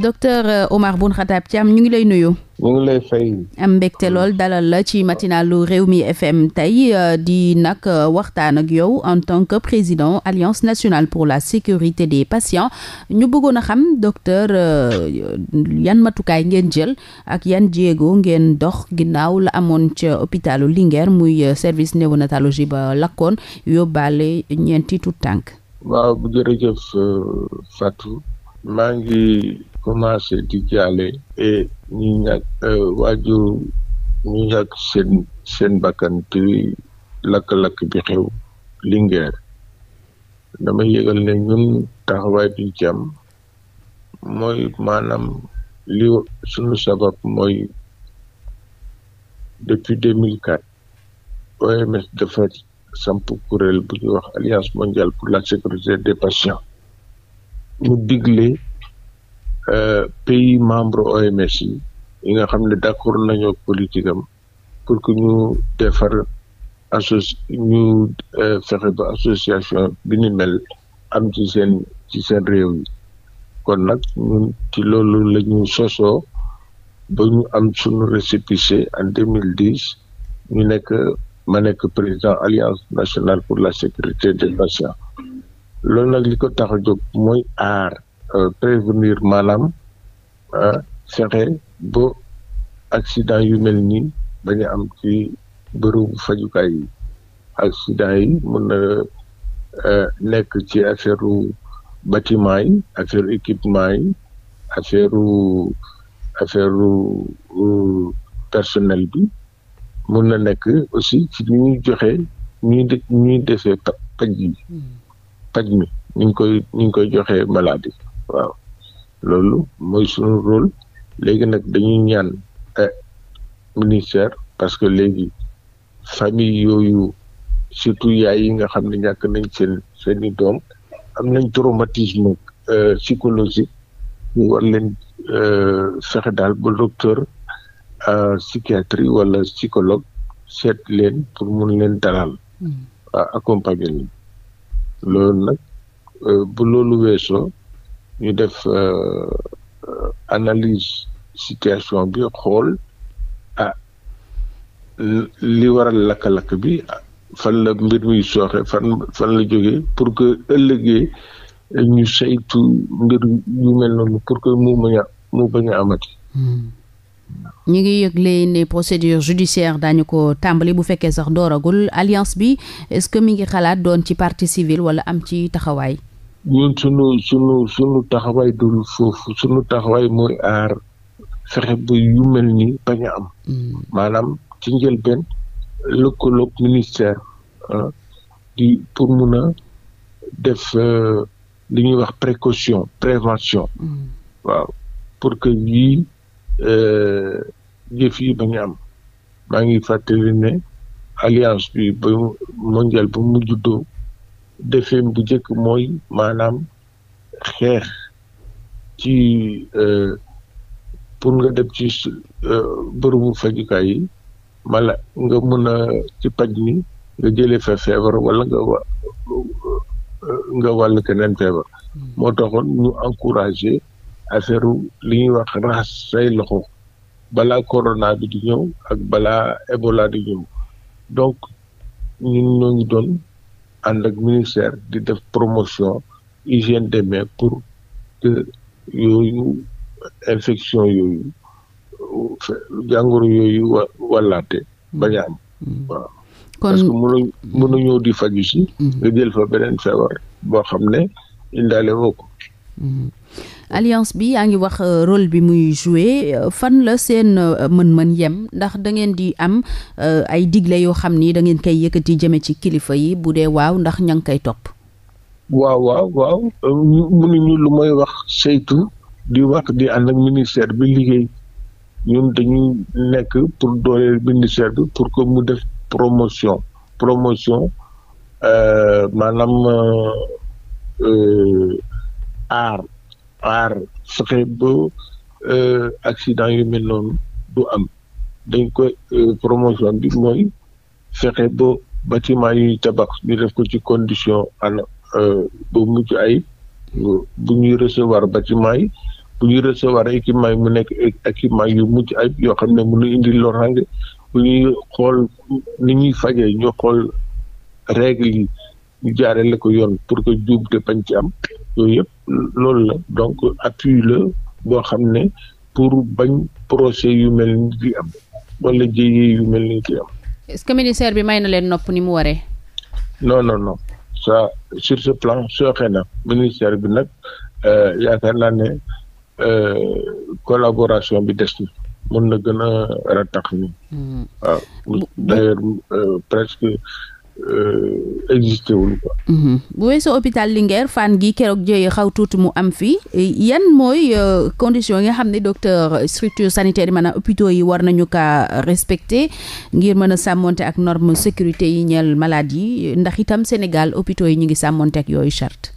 docteur euh, Omar Boun Khatab Thiam ñu ngi lay nuyu. ñu ngi lay fay. am mbégte lool dalal la ci réew Rewmi FM tey euh, di nag euh, waxtaan ak yow en tant que président alliance nationale pour la sécurité des patients ñu bëggoon a xam dokteur yan matukaay ngeen jël ak yan jéego ngeen dox ginnaaw la amoon ca hôpitalu Linguère muy service néonatologie ba lakkoon yóbbaale ñeenti tout tànk. commencé di jaale et ñi ñàkk euh, waajur ñi ñàkk seen seen bakkan ci lakk-lakk bi xew Linguère damay yëgal ne ñun taxawaay bi ci am mooy maanaam li suñu sabab mooy depuis 2004 OMS dafa samp kuréel bu ñuy wax alliance mondiale pour la sécurité des patients mu digle Euh, pays membre OMS yi yi nga xam ne d'accord nañoo politique am pour que ñu defar associ ñu euh, fexe ba association bi mel am ci seen ci seen réew yi kon nag ñun ci loolu la ñu sosoo ba ñu am suñu récépissé en deux mille dix ñu nekk ma nekk président alliance nationale pour la sécurité des patients loolu nag li ko tax a jóg mooy aar Euh, prévenir maanaam euh, fexe ba accident yu mel nii bañ am ci bërëbu fajukaay yi accident yi mën na euh, nekk ci affaire batiment yi affaire équipement yi affaire affaire personnel bi mën na nekk aussi ci ni ñuy joxe ñuy ñuy defee paj yi hmm. paj mi ñu ngi koy ñu koy joxe maladi waaw loolu mooy suñu rôle léegi nag dañuy ñaan eh, ministère parce que léegi famille yooyu surtout yaay yi nga xam ne ñàkk nañ seen seen doom am nañ traumatisme euh, psychologique ñu war leen euh, fexe daal ba docteur euh, psychiatrie wala psychologue seet leen pour mun leen dalal hmm. ah, accompagner leen loolu nag bu loolu weesoo ñu def euh, euh, analyse situation bi xool ah li waral lakk-lakk bi fan la mbir muy sooxe fan la jógee pour que ëllëgee ñu saytu mbir yu mel noonu pour que mu bañ mu bañ a amati. Hmm. ñu ngi yëgle ne procédure judiciaire daañu ko tàmbali bu fekkee sax dooragul alliance bi est-ce que mi ngi xalaat doon ci partie civile wala am ci taxawaay. ñun sunu sunu taxawaay dul foofu sunu taxawaay mooy aar fexe bu yu mel ni bañ a am. Mm. maanaam ci njëlbeen lëkkaloog ministère ah, di pour mun def euh, li ñuy wax précaution prévention. Mm. waaw pour que yii jëf euh, yi bañ a am maa ngi fàttali ne alliance bi ba mondial ba mu juddoo. defeem bu njëkk mooy maanaam xeex ci euh, pour nga dem ci euh, bërëbu fajukaay yi mala nga mën a ci paj mi nga jële fa feebar wala nga wa euh, nga wàll keneen feebar hmm. moo taxoon ñu encouragé affaire li ñuy wax raxas say loxo balaa corona bi ñëw ak bala Ebola di ñëw donc ñun ñoo doon ànd ak ministère di def promotion hygiène des mains pour que yooyu infection yooyu jàngoro yooyu wa wàllaate bañ a mm-hmm. parce que mënu mënuñoo di faju si mm-hmm. nga jël fa beneen feebar boo xam ne indaale woo Mm-hmm. alliance bi yaa ngi wax euh, role bi muy joué euh, fan la seen euh, mën-mën yem ndax dangeen di am ay digle yoo xam ni dangeen ngeen koy yëkkati jëme ci kilifa yi bu dee waaw ndax ña ngi koy topp. waaw waaw waaw mënuñu lu mooy wax saytu di wax di ànd ak ministère bi liggéey ñun dañuy nekk pour dooleel ministère bi pour que mu def promotion promotion maanaam. aar aar fexe ba euh, accident yu mel noonu du am dañ koy euh, promotion bi mooy fexe ba bâtiment yuy tabax ñu def ko ci condition ana euh, ba mucc ay bu ñuy recevoir bâtiment yi bu ñuy recevoir équipement yi mu nekk équipement yu mujj ayib yoo xam ne mënu indi lorange bu ñuy xool ni ñuy fajee ñu xool règle yi ñu jaaree la ko yoon pour que juub de bañ ci am yooyu yëpp loolu la donc appui la boo xam ne pour bañ procès yu mel ni di am wala jéyee yu mel ni di am. est-ce que ministère bi may na leen nopp ni mu waree. non non non ça sur ce plan sooxe na ministère bi nag euh, yaakaar naa ne euh, collaboration bi des na mën na gën a ratax ni hmm. waaw d'ailleurs euh, presque. Euh, existé wul quoi. Mhm. bu weesoo hôpital Linguère Fann gi keroog jëye xaw tuuti mu am fii yan mooy euh, condition yi nga xam ne docteur structure sanitaire yi maanaam hôpitaux yi war nañu kaa respecté ngir mën a sàmmonte ak norme sécurité yi ñeel malade yi ndax itam Sénégal hôpitaux yi ñu ngi sàmmonte ak yooyu charte.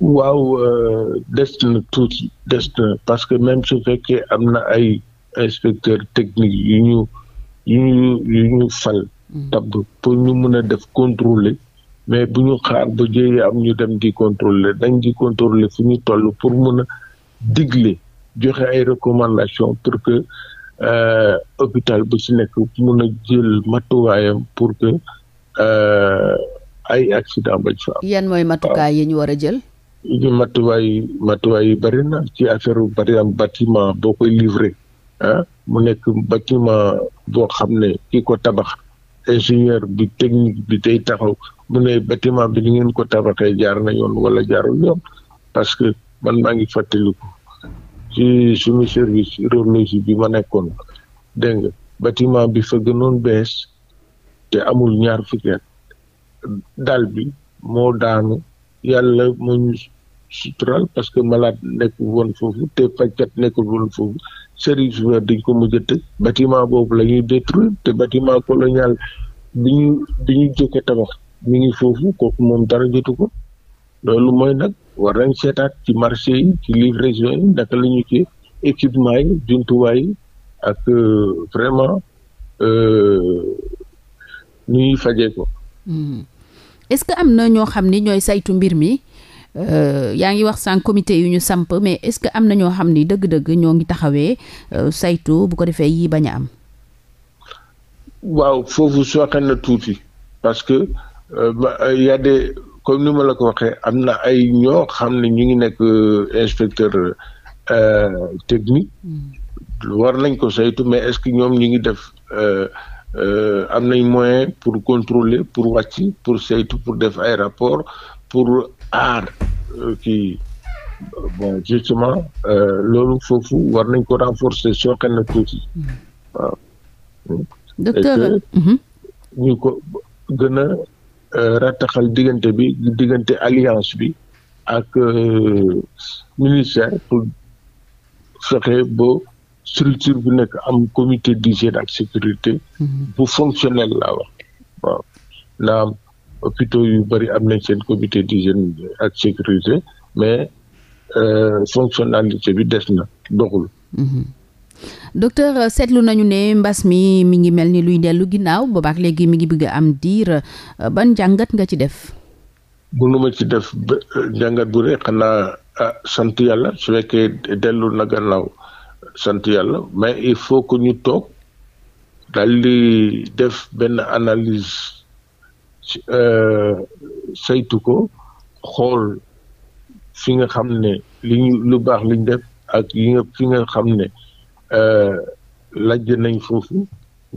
waaw euh, des na tuuti des na parce que même su fekkee am na ay inspecteurs techniques yu ñu yu ñu fal. tabb pour ñu mun a def contrôler mais bu ñu xaar ba jëyee am ñu dem di contrôler dañ di contrôler fu ñu toll pour mun a digle joxe ay recommandations pour que euh, hôpital bu ci nekk mun a jël matuwaayam pour que euh, ay accident bañ fa am. yan mooy matukaay yi ñu war a jël. ñu matuwaay matuwaay yi bëri na ci affaire par exemple bâtiment boo koy livrer ah, mu nekk bâtiment boo xam ne ki ko tabax. ingénieur bi technique bi tey taxaw mu ne bâtiment bi ni ngeen ko tabaxee jaar na yoon wala jaarul yoon parce que man maa ngi fàttaliku ci suñu service hydrologie bi ma nekkoon dégg nga bi fëgg gënoon bees te amul ñaar fukki at dal bi moo daanu yàlla moo sutural parce que malade nekkul woon foofu te fajkat nekkul woon foofu service vert dañ ko mujj a bâtiment boobu la ñuy détruire te bâtiment colonial bi ñu bi ñu jëkke tabax mi ngi foofu kooku moom dara jotu ko loolu mooy nag war nañ seetaat ci marché yi ci livraison yi naka la ñu ci équipement yi jumtuwaay yi ak euh, vraiment euh, ñuy fajee ko. Hmm. est-ce que am na ñoo xam ni ñooy saytu mbir mi. Euh, yaa ngi wax sànq comité yu ñu samp mais est-ce que am na ñoo xam ni dëgg-dëgg ñoo ngi taxawee euh, saytu bu ko defee yii bañ a am. waaw foofu soo sooxe na tuuti parce que euh, y a comme ni ma la ko waxee am na ay ñoo xam ne ñu ngi nekk inspecteur technique. Hmm. war nañ ko saytu mais est-ce que ñoom ñu ngi def. am nañ moyen pour contrôler pour wàcc pour saytu pour def ay rapport pour aar euh, kii bon justement euh, loolu foofu war nañ ko renforcer sooxe na tuuti waaw. docteur mhm. ñu ko gën a euh, rattaxal diggante bi diggante alliance bi ak ministère pour fexe ba structure bu nekk am comité d'hygiène ak sécurité. Mhm. bu fonctionnel laa wax waaw. hôpitaux yu bari am nañ seen comité d'hygiène ak sécurité mais euh, fonctionnalité bi des na doxul. Mhm. docteur seetlu nañu ne mbas mi mi ngi mel ni luy dellu ginnaaw boobaak léegi mi ngi bëgg am diir euh, ban jàngat nga ci def. mënu ma ci def euh, jàngat bu rek xanaa ah, sant yàlla su fekkee dellu na gannaaw sant yàlla mais il faut que ñu toog daal di def benn analyse Euh, saytu ko xool fi nga xam ne li lu baax liñ def ak yi nga fi nga xam ne euh, lajj nañ foofu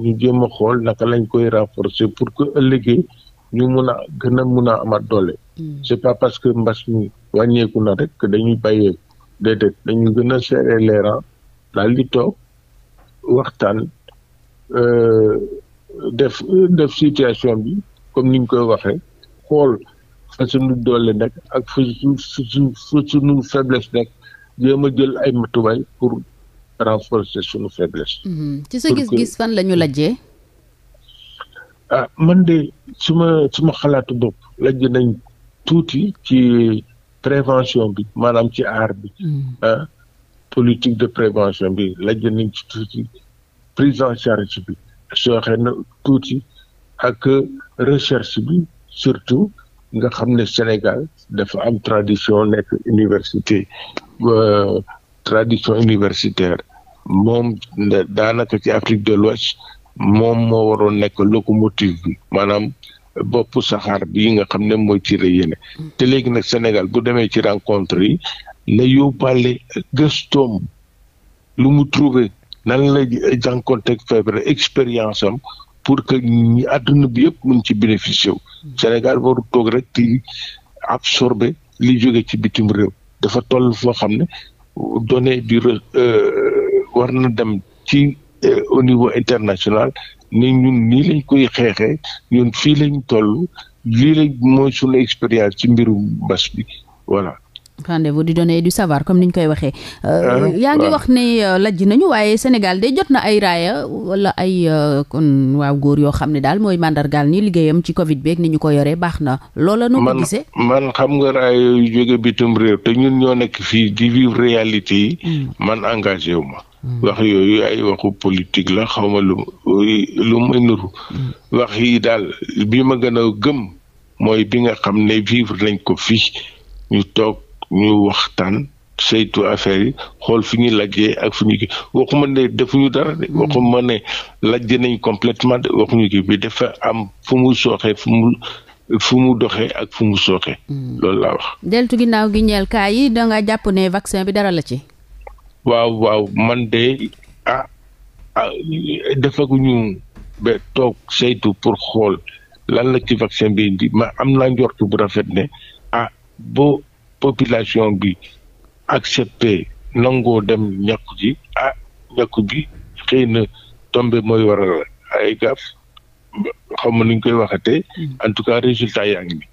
ñu jéem a xool naka lañ koy renforcer pour que ëllëgee ñu mun a gën a mun a amat doole. Hmm. c'est pas parce que mbas mi wàññeeku na rek que dañuy bay déedéet dañu gën a serrer les rangs daal di toog waxtaan euh, def def situation bi comme niñ koy waxee xool fa suñu doole nekk ak fa suñu fa suñu faiblesse nekk jéem a jël ay matuwaay pour renforcer suñu faiblesse. Mm-hmm. ci sa gis-gis fan la ñu lajjee. ah man de su ma suma xalaatu bopp lajj nañ tuuti ci prévention bi maanaam ci aar bi. Mm-hmm. Ah, politique de prévention bi lajj nañ ci tuuti prise charge bi soo xee tuuti. ak recherche bi surtout nga xam ne Sénégal dafa am tradition nekk université euh, tradition universitaire moom daanaka ci Afrique de l'Ouest moom moo waroon nekk locomotive bi maanaam bopp saxaar bi nga xam ne mooy ci yéene te léegi nag Sénégal bu demee ci rencontre yi na yóbbaale gëstoom lu mu trouvé nan la jànkoonte ak feebar expérience am pour que ñi àdduna bi yëpp mën ci bénéficier wu hmm. Sénégal waru toog rek di absorber li jóge ci bitim réew dafa toll foo xam ne données di euh, war na dem ci euh, au niveau international ni ñun nii lañ koy xeexee ñun fii lañ toll lii lañ mooy suñu expérience ci mbirum mbas bi voilà rendez-vous du donner comme ni ñu koy waxee. Euh, ah, yaa ngi wax ne euh, lajj nañu waaye Sénégal de jot na ay raaya wala ay euh, kon waaw góor yoo xam ne daal mooy màndargaal ni liggéeyam ci Covid beeg ni ñu ko yoree baax na loola nu ko se man xam nga raaya yu jóge bitim réew te ñun ñoo nekk fii di vivre réalité yi. Hmm. man engagé wu ma. Hmm. wax yooyu ay waxu politique la xaw ma lu lu muy nuru. Hmm. wax yi daal bi ma gën a gëm mooy bi nga xam ne vivre nañ ko fii ñu toog. ñu waxtaan saytu affaire yi xool fi ñuy lajjee ak fi ñu kii waxuma ne defuñu dara de hmm. waxuma ne lajje nañ completement de waxuñu kii bi dafa am fu mu sooxee fu mu fu mu doxee ak fu mu sooxee. Hmm. loolu laa wax. deltu ginnaaw gi ñeel kaa yi da nga jàpp ne vaccin bi dara la ci. waaw waaw man de a ah, ah, defaguñu ba toog saytu pour xool lan la ci vaccin bi indi ma am naa njort bu rafet ne ah boo. population bi accepté nangoo dem ñàkku ji ah ñàkku bi xëy na tombé mooy waral ay gaaf xam ma nuñ koy waxatee mm. en tout cas résultat yaa ngi nii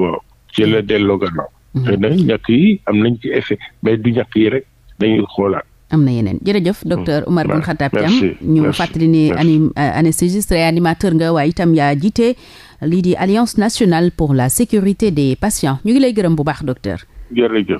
waaw mm. ci la delloo gannaaw mm. xëy na ñàkk yi am nañ ci effet mais du ñàkk yi rek dañuy xoolaat am na yeneen jërëjëf docteur mm. Oumar Boun Khatab Thiam ñu fàttali ni euh, anesthésiste réanimateur nga waaye itam yaa jiite lii di alliance nationale pour la sécurité des patients ñu ngi lay gërëm bu baax docteur